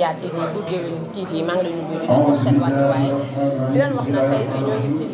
Média TV Bour Gueweul TV maa ngi la ñu nuyu di leen wax seen wàccuwaay di leen wax nag tey fii ñoo ngi si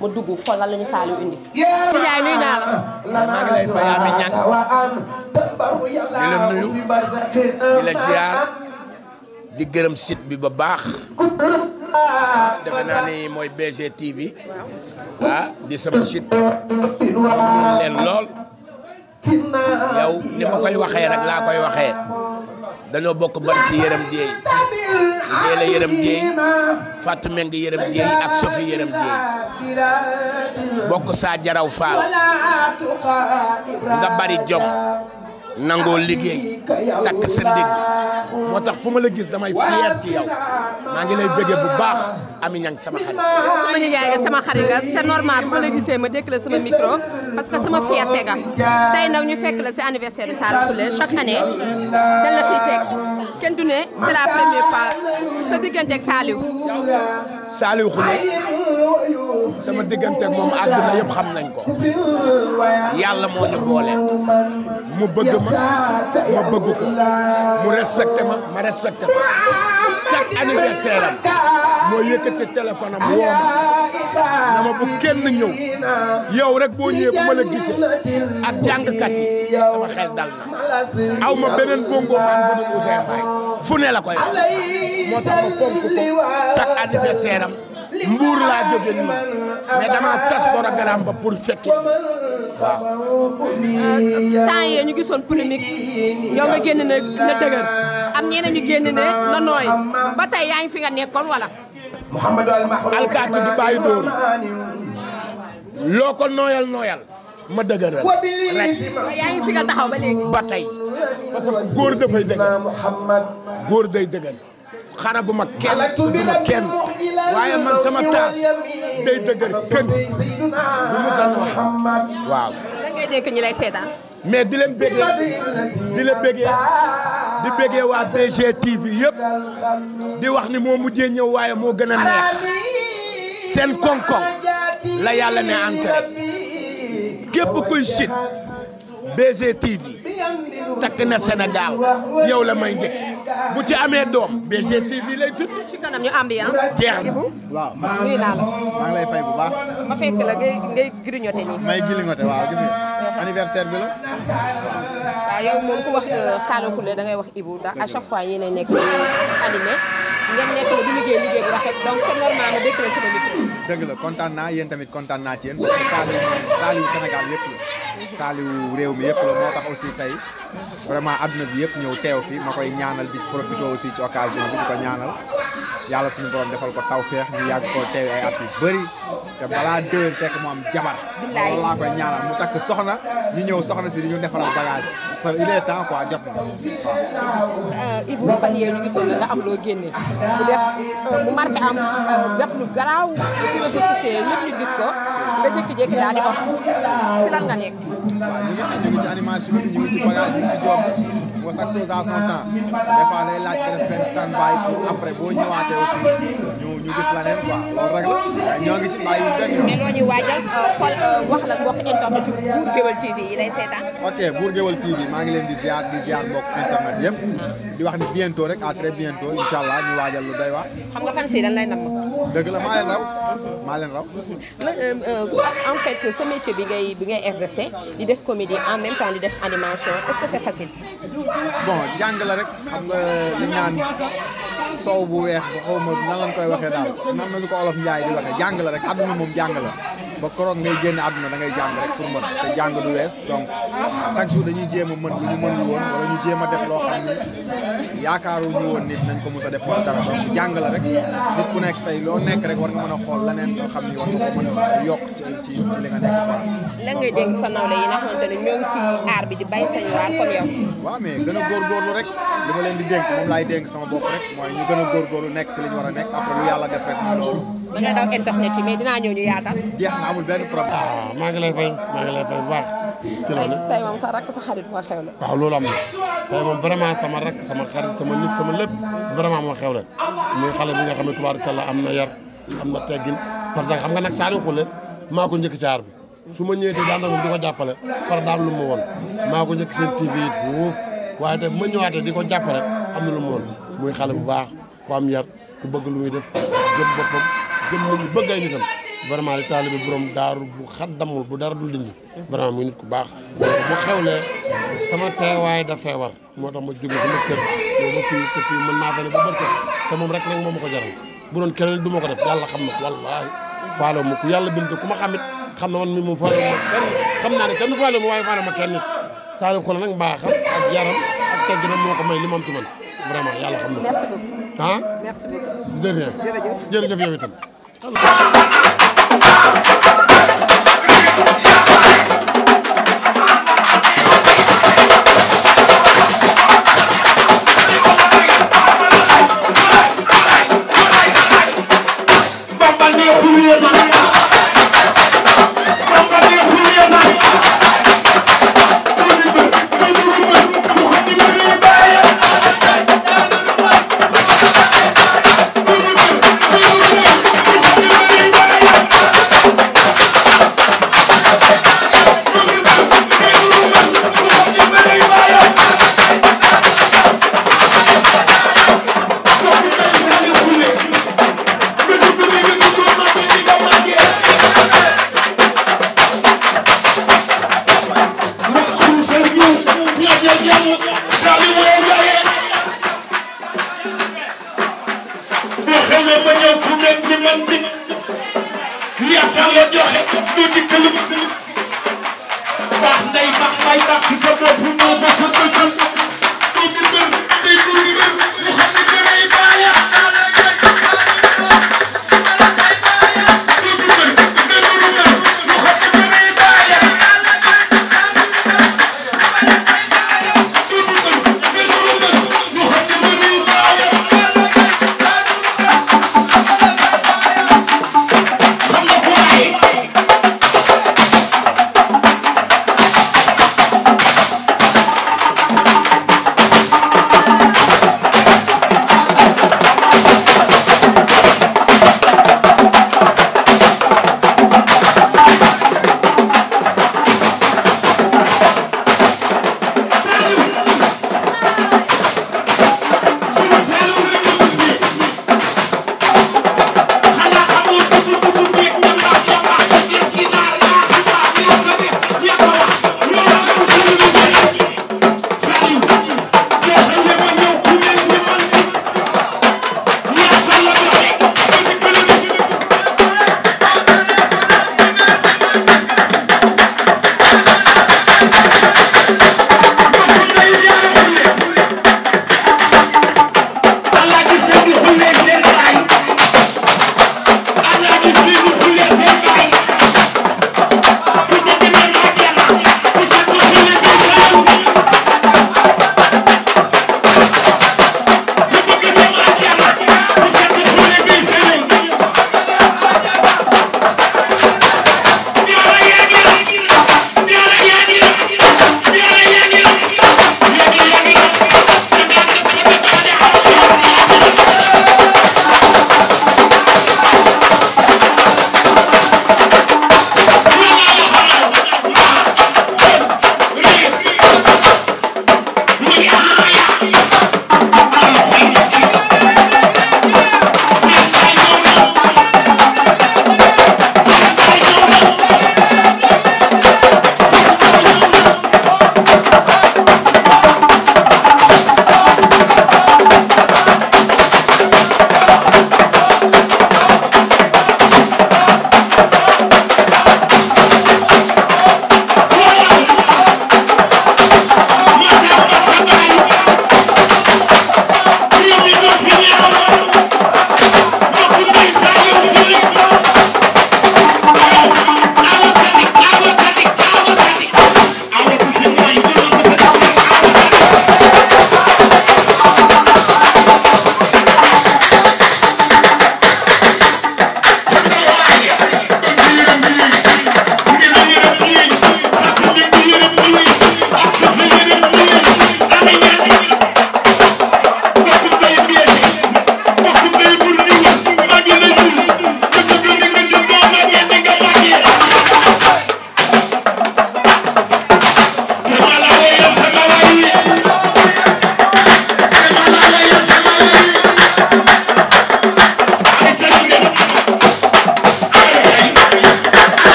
ma dugg xool lan la ñu Saliou indi. yaay nuyu naa la. maa ngi lay fay Amy Niang di nuyu di la ziar di gërëm site bi ba baax. defe naa ni mooy BGTV. ah di sama site. leen lool. yow ni ma koy waxee rek laa koy waxee. dañoo bokk ban ci yërëm di Ndeye la yërëm Dieye Fatou Meng yërëm Dieye ak Sophie yërëm Dieye bokk saa jaraw faal nga bari jom nangoo liggéey takk sa ndigg moo tax fu ma la gis damay fier ci yow maa ngi lay bu baax. am Niang sama xarit. sama nijaay nga sama xarit nga ma la gisee ma dékk la sama micro parce que sama fierté nga tey nag ñu fekk la si anniversaire bi Saala Khoulé chaque année ne c'est sa digganteeg sama digganteeg moom àdduna yëpp xam nañ ko yàlla moo ñu boole mu bëgg ma ma bëgg ko mu respecté ma ma respecté ko chaque anniversaire moo yëkkati téléphone am woo ma bu kenn ñëw yow rek boo ñëwee bu ma la gisee ak jàngkat yi sama xel dal na aw ma beneen bongo man bu dul Ouzin Mbaye fu ne la koy moo tax ma fonk ko chaque anniversaire am mbuur laa jóge nii mais dama tas programme ba pour fekki waaw. yee ñu gisoon polémique yow nga génn na dëgër am ñeneen ñu génn ne na nooy ba tey yaa fi nga nekkoon wala. alkaati du bàyyi dóor loo ko nooyal nooyal ma dëgëral rek yaa ngi fi nga taxaw ba léegi ba tey parce que góor dafay dëgër góor day dëgër xara bu ma kenn bu ma kenn waaye man sama taas day dëgër kenn bu mu sa nooy waaw da ngay dénk ñi lay seetaan mais di leen bégee di leen bégee di béggee waa BGTV yëpp di wax ni moo mujjee ñëw waaye moo gën a neex seen koŋ la yàlla ne entré képp kuy sit BGTV takk na Sénégal yow la may njëkk bu ci amee doom BGTV lay tudd. ci kanam ñu ambiance. Ah. jeex na waaw. nuyu naa la. maa ngi lay fay bu baax. ma fekk la ngay ngay grignoté may grignoté waaw anniversaire bi la. waaw yow moom ku wax euh, Salo Khoule da ngay wax Ibou ndax à chaque fois yéen a nekk animé ngeen nekk la di liggéey liggéey bu rafet donc c'est normal kontaan naa yéen tamit kontaan naa ci yéen parce que Saliou yëpp saaliwu réew mi yëpp la moo tax aussi tey vraiment adduna bi yëpp ñëw teew fi ma koy ñaanal di profité aussi ci occasion bi di ko ñaanal yàlla suñu borom defal ko tawfeex ñu yàgg ko teew ay at yu te balaa déwén fekk mu am jabar loolu laa koy ñaanal mu takk soxna ñi ñëw soxna si di ñu defaral bagage sa il est temps quoi jot na waaw euh, Ibou fan yee ñu gisoon la nga am loo génne def euh, mu marqué am euh, def lu garaaw ci réseaux sociaux yëpp ñu gis ko nga jékki-jékki daal di dox si lan nga nekk. waaw ci ñu ngi ñu ngi ci bagage ci job moo chaque chose à son temps des fois day laaj stand by après boo ñëwaatee ñu ñu la neen quoi loolu rek la ñoo ci bàyyi waajal euh, euh, wax la mbokk internet yi Bour Gueweul TV yi lay seetaan. ok Bour Gueweul TV maa ngi leen di ziar di ziar mbokk internet yëpp di wax ni bientôt rek à très bientôt ñu waajal lu doy waar. xam nga fan si lay namm. dëgg la maa leen raw maa leen raw. Euh, euh, en fait sa bi ngay bi ngay exercer di def comédie en même temps di def animation est-ce que c'est facile. bon jàng la rek xam nga li ñaan sow bu weex bu xaw ma nan lañ koy waxee daal nan la ñu ko olof Njaay di waxee jàng la rek àdduna moom jàng ba koroog ngay génne àdduna dangay ngay jàng rek pour mën te jàng du wees donc chaque jour dañuy jéem a mën lu ñu mënul woon wala ñu jéem a def loo xam ni yaakaaru ñu woon nit nañ ko mos a def wala dara donc jàng rek nit nekk tey loo nekk rek war nga mën xool leneen loo xam ni war nga ko mën a yokk ci ci ci li nga nekk quoi. yi nga xamante ne ñoo ngi si aar bi di bay sañ waar comme a leen di dénk moom laay dénk sama bopp rek mooy ñu gën a góorgóorlu nekk si li ñu war a nekk après lu yàlla def rek loolu da ngay daw internet yi mais dinaa ñëw ñu yaatal. jeex na amul benn problème. Ah, maa ngi lay fay maa ngi lay bu baax. si la ne tey moom sa rakk sa xarit moo xew waaw loolu am na tey moom vraiment sama rakk sama xarit sama nit sama lépp vraiment moo xew la muy xale bi nga xam ne kala am na yar am na teggin parce que xam nga nag Saliou Khoule maa ko njëkk caar bi su ma ñëwee tey daanaka moom di ko jàppale par daan lu mu woon maa ko njëkk seen TV it foofu waaye te bu ma di ko jàppale am lu mu woon muy xale bu baax ku am yar ku bëgg lu muy def jëm boppam gëm moom mu bëgg ay nitam vraiment li taalibe borom daaru bu xat damul bu dara dul dindi vraiment muy nit ku baax bu xewlee sama teewaay dafee war moo tax ma jóge sama kër ma fii te fii mën naa fa ne ba bër sax te moom rek nag moom ma ko jaral bu doon keneen du ma ko def yàlla xam na ko wallaahi faalo ma ku yàlla bind ku ma xamit xam na man mi moom faalo ma kenn xam naa ne kenn faalo ma waaye faalo ma kenn nit Saliou Koulé nag mbaaxam ak yaram ak tegginam moo ko may li moom ci man vraiment yàlla xam na ko ah merci beaucoup de rien jërëjëf yow itam Allah